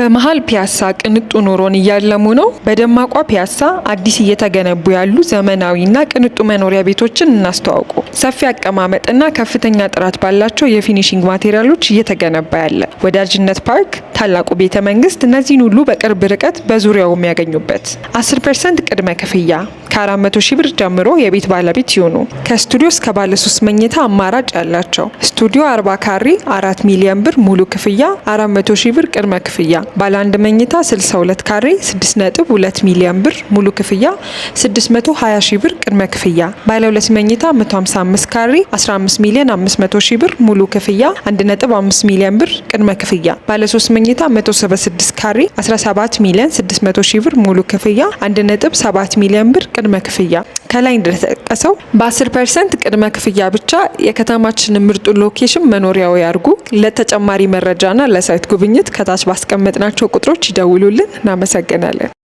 በመሀል ፒያሳ ቅንጡ ኑሮን እያለሙ ነው። በደማቋ ፒያሳ አዲስ እየተገነቡ ያሉ ዘመናዊና ቅንጡ መኖሪያ ቤቶችን እናስተዋውቁ። ሰፊ አቀማመጥና ከፍተኛ ጥራት ባላቸው የፊኒሽንግ ማቴሪያሎች እየተገነባ ያለ ወዳጅነት ፓርክ፣ ታላቁ ቤተ መንግስት እነዚህን ሁሉ በቅርብ ርቀት በዙሪያው የሚያገኙበት 10 ፐርሰንት ቅድመ ክፍያ ከ400 ሺህ ብር ጀምሮ የቤት ባለቤት ይሁኑ። ከስቱዲዮ እስከ ባለ ሶስት መኝታ አማራጭ ያላቸው ስቱዲዮ 40 ካሬ 4 ሚሊዮን ብር ሙሉ ክፍያ 400 ሺህ ብር ቅድመ ክፍያ፣ ባለ አንድ መኝታ 62 ካሬ 6.2 ሚሊዮን ብር ሙሉ ክፍያ 620 ሺህ ብር ቅድመ ክፍያ፣ ባለ ሁለት መኝታ 155 ካሬ 15 ሚሊዮን 500 ሺህ ብር ሙሉ ክፍያ 1.5 ሚሊዮን ብር ቅድመ ክፍያ፣ ባለ ሶስት መኝታ 176 ካሬ 17 ሚሊዮን 600 ሺህ ብር ሙሉ ክፍያ 1.7 ሚሊዮን ብር ቅድመ ክፍያ ከላይ እንደተጠቀሰው በ10 ፐርሰንት ቅድመ ክፍያ ብቻ የከተማችንን ምርጡ ሎኬሽን መኖሪያው ያርጉ። ለተጨማሪ መረጃና ለሳይት ጉብኝት ከታች ባስቀመጥናቸው ቁጥሮች ይደውሉልን። እናመሰግናለን።